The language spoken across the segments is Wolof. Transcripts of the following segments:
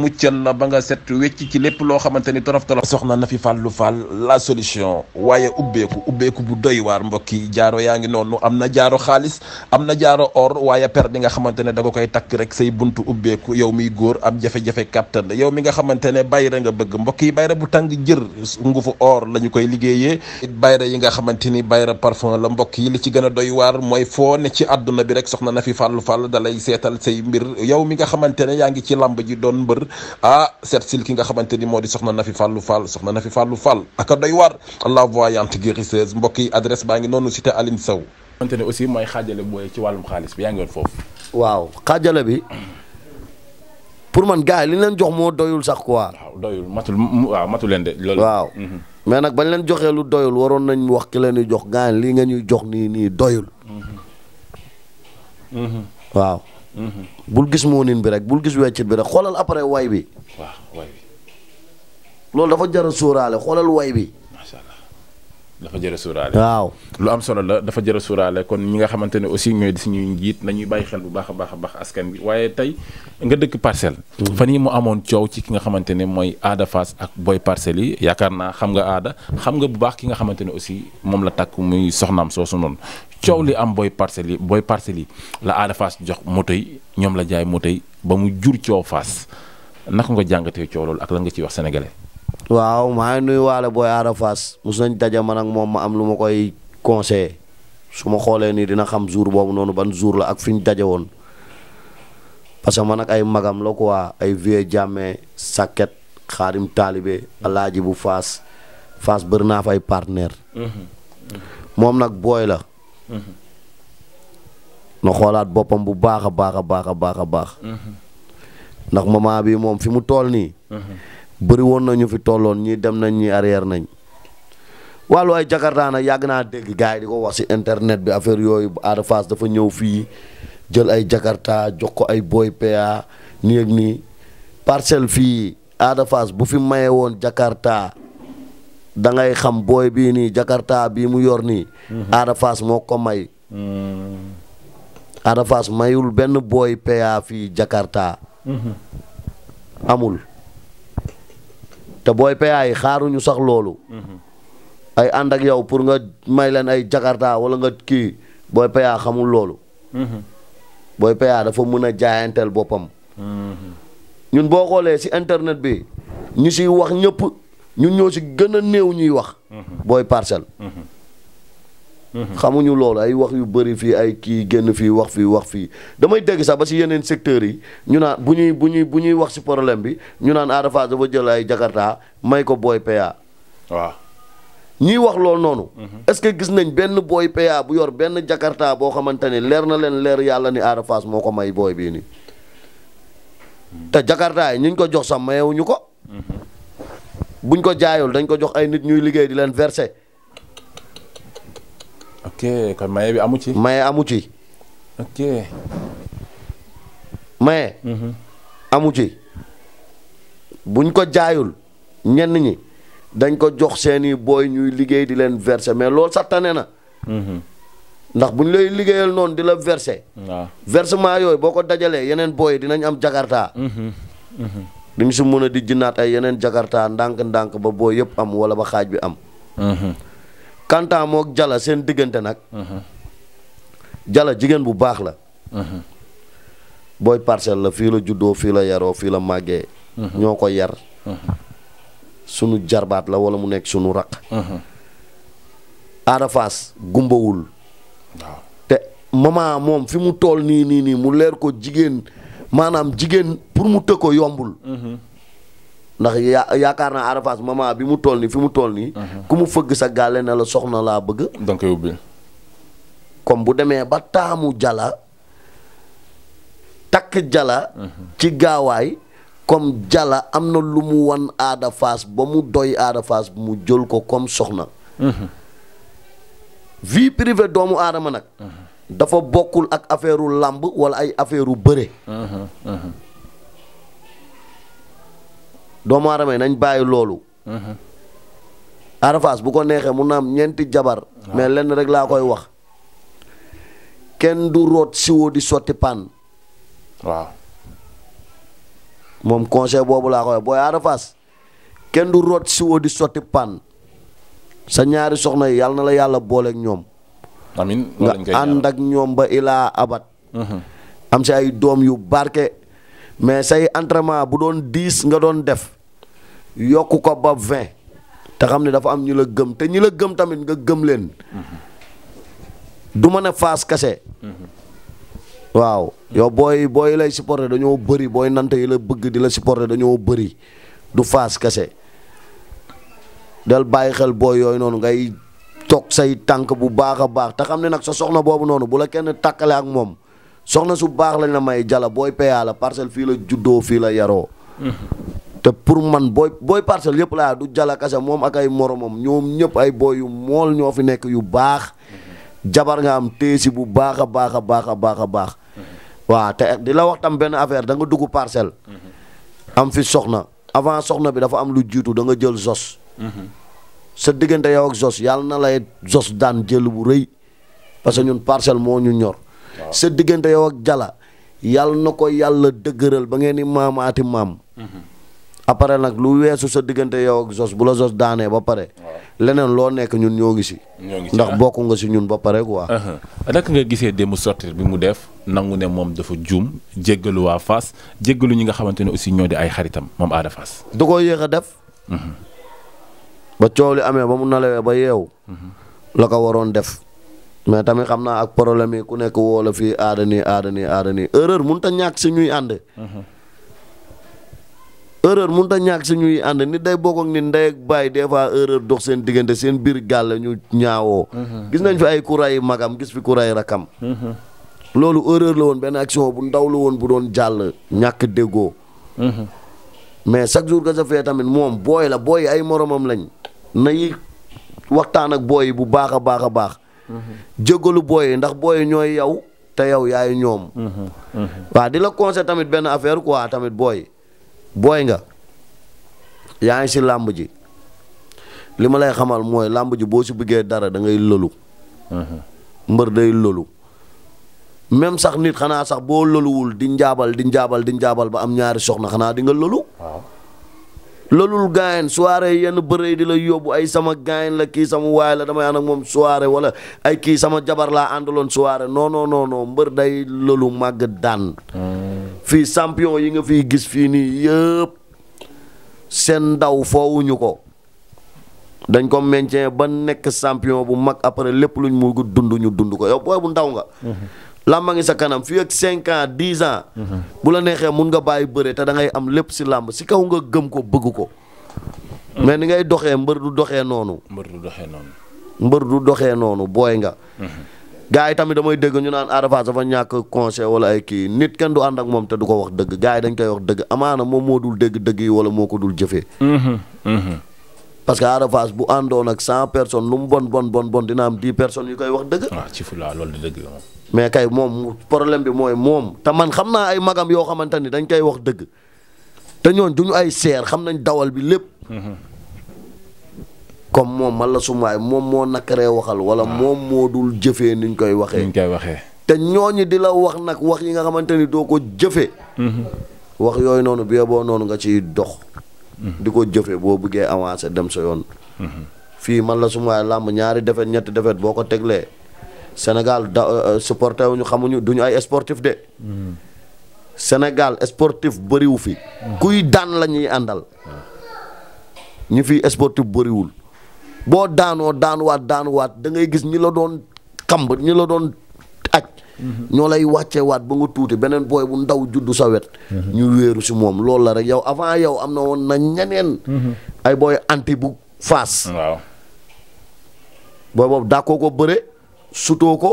muccal la ba nga set wecc ci lépp loo xamante ni torof torof soxna na fi fàllu faal la solution waaye ubbeeku ubbeeku bu doy waar mbokk yi jaaro yaa ngi noonu am na jaaro xaalis am na jaaro or waaye per di nga xamante ne da nga koy takk rek say buntu ubbeeku yow miy góor am jafe-jafe kàttan yow mi nga xamante ne bayra nga bëgg mbokk yi bayra bu tàng jër ngufu or la ñu koy liggéeyee it bayra yi nga xamante ni bayra parfum la mbokk yi li ci gën a doy waar mooy foo ne ci àdduna bi rek soxna na fi fàllu faal dalay seetal say mbir yow mi nga xamante ne yaa ngi ci làmb ji doon ah seet ki nga xamante ni moo di soxna Nafi Fallou Fall soxna Nafi Fallou Fall aka doy waar la voyante guérisseuse mbokk yi adresse baa ngi noonu cité Aline Sow xamante ne aussi mooy xaajale booy ci wàllum xaalis bi yaa ngi woon foofu waaw xaajale bi pour man gars li leen jox moo doyul sax quoi waaw doyul matul waaw matul leen de loolu waaw mhm. mais nag bañ leen joxee lu doyul waroon nañ wax ki leen di jox gars li nga ñuy jox nii nii doyul mhm. waaw bul gis moo moonin bi rek bul gis weccit bi rek xoolal après way bi. waaw way bi. loolu dafa jar a sóoraale xoolal way bi. macha allah dafa jar a sóoraale. lu am solo la dafa jar a sóoraale kon ñi nga xamante ne aussi ñooy suñuy njiit nañuy bàyyi xel bu baax a baax a baax askan bi waaye tey nga dëkk parcelle. Mm-hmm. fan yi mu amoon coow ci ki nga xamante ne mooy aada Fass ak boy parcelle yi yaakaar naa xam nga aada xam nga bu baax ki nga xamante ne aussi moom la takk muy soxnaam soosu noonu coow li am booy parcelles yi booy parcelles yi la Ada Fass jox moto yi ñoom la jaay moto yi ba mu jur coow Fass naka nga jàngatee coow loolu ak lan nga ciy wax sénégalais. waaw maa ngi nuyu waale booy Ada Fass mos nañ daje ma nag moom ma am lu ma koy conseillé su ma xoolee nii dina xam jour boobu noonu ban jour la ak fi ñu daje woon parce que man nag ay magam la ko waa ay vieux jàmmee sàkket xaarim taalibe alaaji bu Fass Fass bëri naa fa ay partenaire mhm. mhm. moom nag booy Mhm. na xoolaat boppam bu baax a baax a baax a baax a baax. Mhm. ndax moment bii moom fi mu tool nii. Mhm. bari woon na ñu fi tolloon ñii dem nañ ñii arrière nañ. wàllu ay jakarta nag yàgg naa dégg gars yi di ko wax si internet bi affaire yooyu Ada Fass dafa ñëw fii jël ay jakarta jox ko ay boy PA nii ak nii parcelle fii Ada bu fi mayee woon jakarta dangay xam booy bii nii jakarta bii mu yor nii. Mhm. Ada moo ko may. Mhm. Ada Fass mayul benn booy PA fii jakarta mhm. amul te booy PA yi xaaruñu sax loolu. ay ànd ak yow pour nga may leen ay jakarta wala nga kii booy PA xamul loolu. booy PA dafa mën a jaayanteel boppam. ñun boo xoolee ci internet bi ñu si wax ñépp ñun ñoo si gën a néew ñuy wax. Mhm. booy parcelle. Mhm. Mhm. xamuñu loolu ay wax yu bëri fii ay kii génn fii wax fii wax fii damay dégg sax ba si yeneen secteurs yi ñu naan bu ñuy bu ñuy bu ñuy wax si problème bi ñu naan Ada Fass dafa jël ay jakarta may ko booy PA. waaw ñuy wax loolu noonu. est-ce que gis nañ benn booy PA bu yor benn jakartaa boo xamante ni leer na leen leer yàlla ni Ada moo ko may booy bii nii. te jakarta yi ñu ko jox sax mayewuñu ko. buñ ko jaayul dañ ko jox ay nit ñuy liggéey di leen verser. ok bi amu ci. maye amu ci. ok. maye. Mhm. amu ci buñ ko jaayul ñenn ñi dañ ko jox seeni booy ñuy liggéey di leen verser mais loolu sattane na. Mhm. ndax bu ñu lay liggéeyal noonu di la verser. waaw versement yooyu boo ko dajalee yeneen booy dinañ am jakarta. Mhm. di nga si mën a di jëndaat ay yeneen jakarta ndànk-ndànk ba boo yëpp am wala ba xaaj bi am. Mhm. Kanta moog Jalla seen diggante nag. Mhm. Jalla jigéen bu baax la. Mhm. booy parcelle la fii la juddoo fii la yaroo fii la màggee. ñoo ko yar. sunu jarbaat la wala mu nekk sunu raq. Ada gumbawul. te mama moom fi mu tool nii nii mu leer ko jigéen. maanaam jigéen pour mu tëg ko yombul. Mhm. ndax ya yaakaar naa Ada Fass bi mu tool nii fi mu toll nii. Mhm. ku mu fëgg sa gàlle na la soxna laa bëgg. donc ubbi. comme bu demee ba taamu jala takk jala. Mhm. ci gaawaay comme jala am na lu mu wan Ada Fass ba mu doy Ada mu jël ko comme soxna. vie privée doomu aadama nag. dafa bokkul ak affaire làmb wala ay affaire u bëre. Uh-huh, uh-huh. doomu aadama nañ bàyyi loolu. Uh-huh. Ada bu ko neexee mun na ñeenti jabar. mais lenn rek laa koy wax. kenn du root siwo di sotti paan. waaw. moom conseil boobu laa koy wax booy kenn du root siwo di sa ñaari soxna yi yàlla na la yàlla booleeg ñoom. amiin nga ànd ak ñoom ba ilaa abat mhm. am si ay doom yu barke mais say entraînement bu doon diis nga doon def yokk ko ba vingt te xam ne dafa am ñu la gëm te ñi la gëm tamit nga gëm leen mhm. du ma ne faas kase mhm. waaw yow booy booy lay supporté dañoo bëri booy nante yi la bëgg di la supporté dañoo bëri du faas kase del bàyyi xel booy yooyu noonu ngay toog say tànk bu baax a baax te xam ne nag sa soxna boobu noonu bu la kenn takkale ak moom soxna su baax lañ la may jala booy peyaa la parcelle fii la juddoo fii la yaroo. te pour man booy booy parcelle yëpp laa du jala kase moom ak ay moromam ñoom ñëpp ay booy yu mool ñoo fi nekk yu baax. jabar nga am teesi bu baax a baax a baax a baax a baax. waaw te di la wax tam benn affaire danga nga dugg parcelle. am fi soxna avant soxna bi dafa am lu jiitu da nga jël sos sa diggante yow ak Zos yàlla na lay Zos daan jël bu rëy parce que ñun parcelle moo ñu ñor. sa diggante yow ak jala yàlla na ko yàlla dëgëral ba ngeen di maamaati maam. Mm-hmm. après nag lu weesu sa diggante yow ak Zos bu la Zos daanee ba pare. leneen loo nekk ñun ñoo ngi si. ndax ah. bokk nga si ñun ba pare quoi. Uh-huh. naka nga gisee démb sortir bi mu def nangu ne moom dafa juum jéggalu waa Fass jéggalu ñi nga xamante ne aussi ñoo di ay xaritam moom Ada Fass. da koo yéex def. Mm-hmm. ba coow li amee ba mu nalawee ba yeew la ko waroon def mais tamit xam naa ak problème yi ku nekk woo la fii aada nii aada nii aada nii erreur mënut a ñàkk si ñuy ànd. erreur mënut a ñàkk si ñuy ànd nit day bokk nit ndey bàyyi des fois erreur dox seen diggante seen biir gàll ñu ñaawoo. gis nañ fi ay kuray magam gis fi kuray rakam. loolu erreur la woon benn action bu ndaw la woon bu doon jàll ñàkk déggoo. mais chaque jour que sa fee tamit moom booy la booy ay moromam lañ nay waxtaan ak booy bu baax a baax a baax. Mhm. jégalu booy ndax booy ñooy yow te yow yaay ñoom. Mhm. Mhm. waaw di la conseil tamit benn affaire quoi tamit booy booy nga yaa ngi si làmb ji li ma lay xamal mooy làmb ji boo si bëggee dara dangay ngay lolu. mbër day lolu. même sax nit xanaa sax boo loluwul di njaabal di njaabal di njaabal ba am ñaari soxna xanaa di nga lolu. waaw lolul gaayen soirée yenn bëre di la yóbbu ay sama gaayen la kii sama waay la damay ànd ak moom soirée wala ay kii sama jabar laa àndaloon soirée non non mbër day lolu màgg daan. Hmm. fii champion yi nga fi gis fii nii yëpp seen ndaw foowuñu ko. dañ ko meññee ba nekk champion bu mag après lépp luñ mu dund ñu dund ko yow booy bu ndaw nga. Hmm. làmba ngi sa kanam fii ak 5 ans mhm. bu la neexee mun nga bàyyi bëre te dangay am lépp si làmb si kaw nga gëm ko bëgg ko. Mm. mais ni ngay doxee mbër du doxee noonu. mbër du doxee noonu. mbër du doxee noonu booy nga. Mhm. gars yi tamit damay dëgg ñu naan Ada Fass ñàkk conseil wala ay kii nit kenn du ànd ak moom te du ko wax dëgg gars dañ koy wax dëgg amaana moom moo dul dégg dëgg yi wala moo ko dul jëfee. Mhm. parce que bu àndoon ak cent personnes lu mu bon bon bon bon dina am dix personnes yu koy wax dëgg. waaw ah, ci mais kay moom problème bi mooy moom te man xam naa ay magam yoo xamante ni dañ koy wax dëgg te ñoon du ñu ay seer xam nañ dawal bi lépp. Mhm. comme moom man la sumaay moom moo nakaree waxal. wala ah. moom moo dul jëfee ni koy waxee. ni koy waxee. te ñooñu di la wax nag wax yi nga xamante ni doo ko jëfee. Mhm. wax yooyu noonu bi boo noonu nga ciy dox. di ko jëfe boo bëggee avancer dem sa yoon. fii man la su ma làmb ñaari defet ñetti defet boo ko teglee senegal da euh, euh, supporté wuñu xamuñu duñu ay sportif de. Sénégal sportif bëriwu fi. kuy daan la ñuy àndal. ñi fi sportif bariwul boo daanoo daanuwaat daanuwaat da ngay gis ñi la doon kamb ñi la doon aj Mm-hmm. ñoo lay wàcce waat ba nga tuuti beneen booy bu ndaw juddu sa wet mm-hmm. ñu wéeru si moom loolu la rek yow avant yow am na woon na ñeneen mm-hmm. ay booy anti bu faas waaw booy boobu dàkkoo ko bëre sutoo ko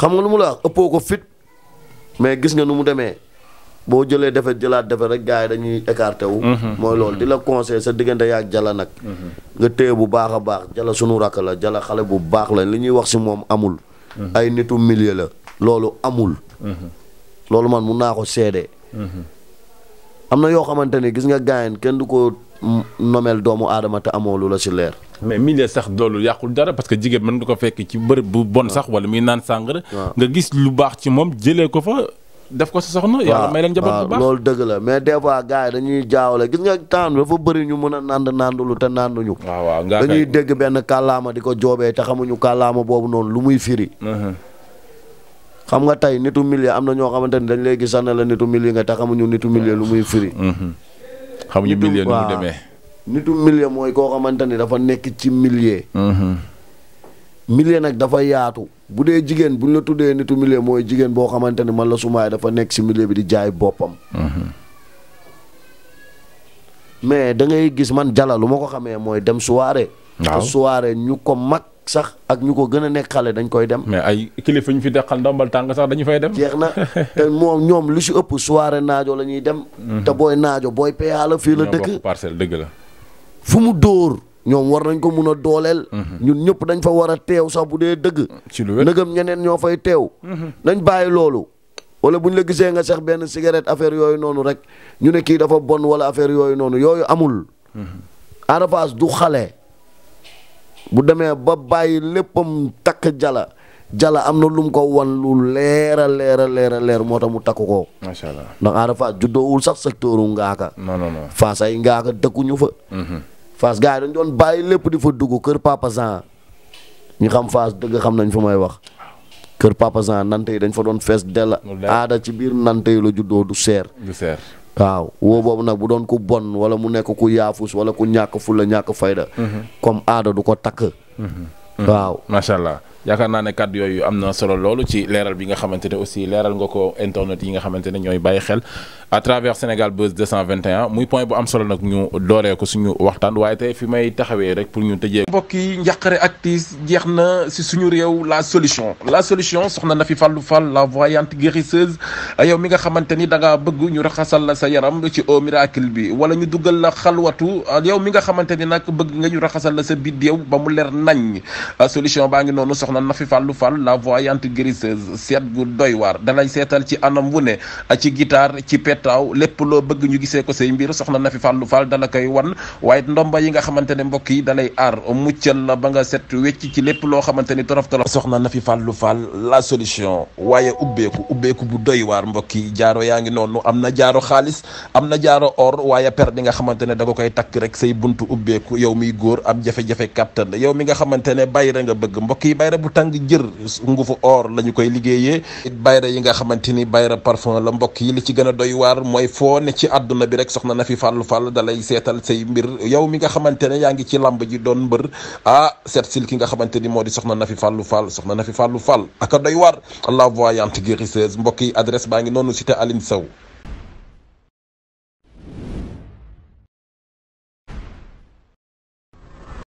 xam nga nu mu la ëppoo ko fit mais gis nga nu mu demee boo jëlee defet jëlaat defet rek gars yi dañuy écarté wu. Mhm. mooy loolu mhm. di la conseil sa diggante yaag jala nag. Mhm. nga téye bu baax a baax jala sunu rakk la jala xale bu baax la li ñuy wax si moom amul. ay nitu milieu la loolu amul. loolu man mun naa ko seede. am na yoo xamante ni gis nga gaayen kenn du ko nomeel doomu aadama te amoo lu la si leer. mais milieu sax loolu yàqul dara parce que jigéen mën nga ko fekk ci bërëb bu bon sax wala muy naan sàngara. nga gis lu baax ci moom jëlee ko fa. def ko sa soxna. yàlla may leen njaboot bu baax loolu dëgg la mais des fois gars yi dañuy jaawale gis nga temps dafa bëri ñu mën a nand nandulu te nanduñu. waaw waaw dañuy dégg benn kàllaama di ko joobee te xamuñu kàllaama boobu noonu lu muy firi. Uh-huh. xam nga tey nitu millier am na ñoo xamante ni dañ lay gis ne la nitu millier nga te xamuñu nitu millier lu muy firi. Uh-huh. xamuñu millier nitu millier mooy koo xamante ni dafa nekk ci millier. Uh-huh. milieu nag dafa yaatu bu dee jigéen bu ñu la tuddee nitu millier mooy jigéen boo xamante ni man la sumaay dafa nekk si milieu bi di jaay boppam. Mhm. mais da gis man jala lu ma ko xamee mooy dem suwaare waaw te soirée ñu ko mag sax ak ñu ko gën a nekk xale dañ koy dem. mais ay kilifa ñu fi deqal ndombal tàng sax dañu fay dem. jeex na te moom ñoom lu si ëpp soirée naajo la ñuy dem. Mhm. te booy naajo booy peyaa la fii la dëkk. parcelle dëgg la. fu mu dóor. ñoom war nañ ko mun a dooleel. Mhm. ñun ñëpp dañ fa war a teew sax bu dee dëgg. ci lu ñeneen ñoo fay teew. Mhm. nañ bàyyi loolu. wala bu ñu la gisee nga sex benn cigarette affaire yooyu noonu rek ñu ne kii dafa bon wala affaire yooyu noonu yooyu amul. Mhm. Ada du xale. bu demee ba bàyyi léppam takk jala jala am na lum ko wan lu leer a leer leer leer moo tax mu takk ko. macha allah ndax Ada juddoowul sax secteur u ngaaka. non non non Fass ay ngaaka dëkkuñu fa. Fass gars yi dañ doon bàyyi lépp di fa dugg kër Papa Jean ñu xam Fass dëgg xam nañ fa may wax kër Papa Jean nante yi dañ fa doon fees dell aada ci biir nante yi la juddoo du seer du seer waaw woo boobu nag bu doon ku bon wala mu nekk ku yaafus wala ku ñàkk fulla ñàkk fayda mhm. comme aada du ko takk mhm. waaw macha yaakaar naa ne kàddu yooyu am na solo loolu ci leeral bi nga xamante ne aussi leeral nga ko internet yi nga xamante ne ñooy bàyyi xel à travers Sénégal Buzz 221 muy point bu am solo nag ñu dooree ko suñu waxtaan waaye tey fi may taxawee rek pour ñu tëjee. mbokk yi njàqare ak tiis jeex na si suñu réew la solution la solution soxna na fi fàllu fal la voyante guérisseuse yow mi nga xamante ni da ngaa bëgg ñu raxasal la sa yaram ci eau miracle bi wala ñu duggal la xalwatu yow mi nga xamante ni nag bëgg nga ñu raxasal la sa biddew ba mu leer nañ solution baa ngi noonu soxna Nafi Fallou Fall la voyante guérisseuse seet gu doy waar dalay seetal ci anam wu ne ci guitare ci petaaw lépp loo bëgg ñu gisee ko say mbir soxna Nafi Fallou Fall dala koy wan waaye ndomba yi nga xamante ne mbokk yi dalay aar muccal na ba nga set wecc ci lépp loo xamante ni torof torof soxna Nafi Fallou Fall la solution waaye ubbeeku ubbeeku bu doy waar mbokk yi jaaro yaa ngi noonu am na jaaro xaalis am na jaaro or waaye per di nga xamante ne da nga koy takk rek say buntu ubbeeku yow miy góor am jafe-jafe mi nga xamante bu tàng jër ngufu or la koy liggéeyee it bayra yi nga xamante ni bayra parfum la mbokk yi li ci gën a doy waar mooy foo ne ci àdduna bi rek soxna na fi fàllu fàll dalay seetal say mbir yow mi nga xamante ne yaa ngi ci làmb ji doon mbër ah seet sil ki nga xamante ni moo di soxna na fi fàllu fàll soxna na fi fàllu fàll aka doy waar la voyante guérisseuse mbokk yi adresse baa ngi noonu cité Aline Sow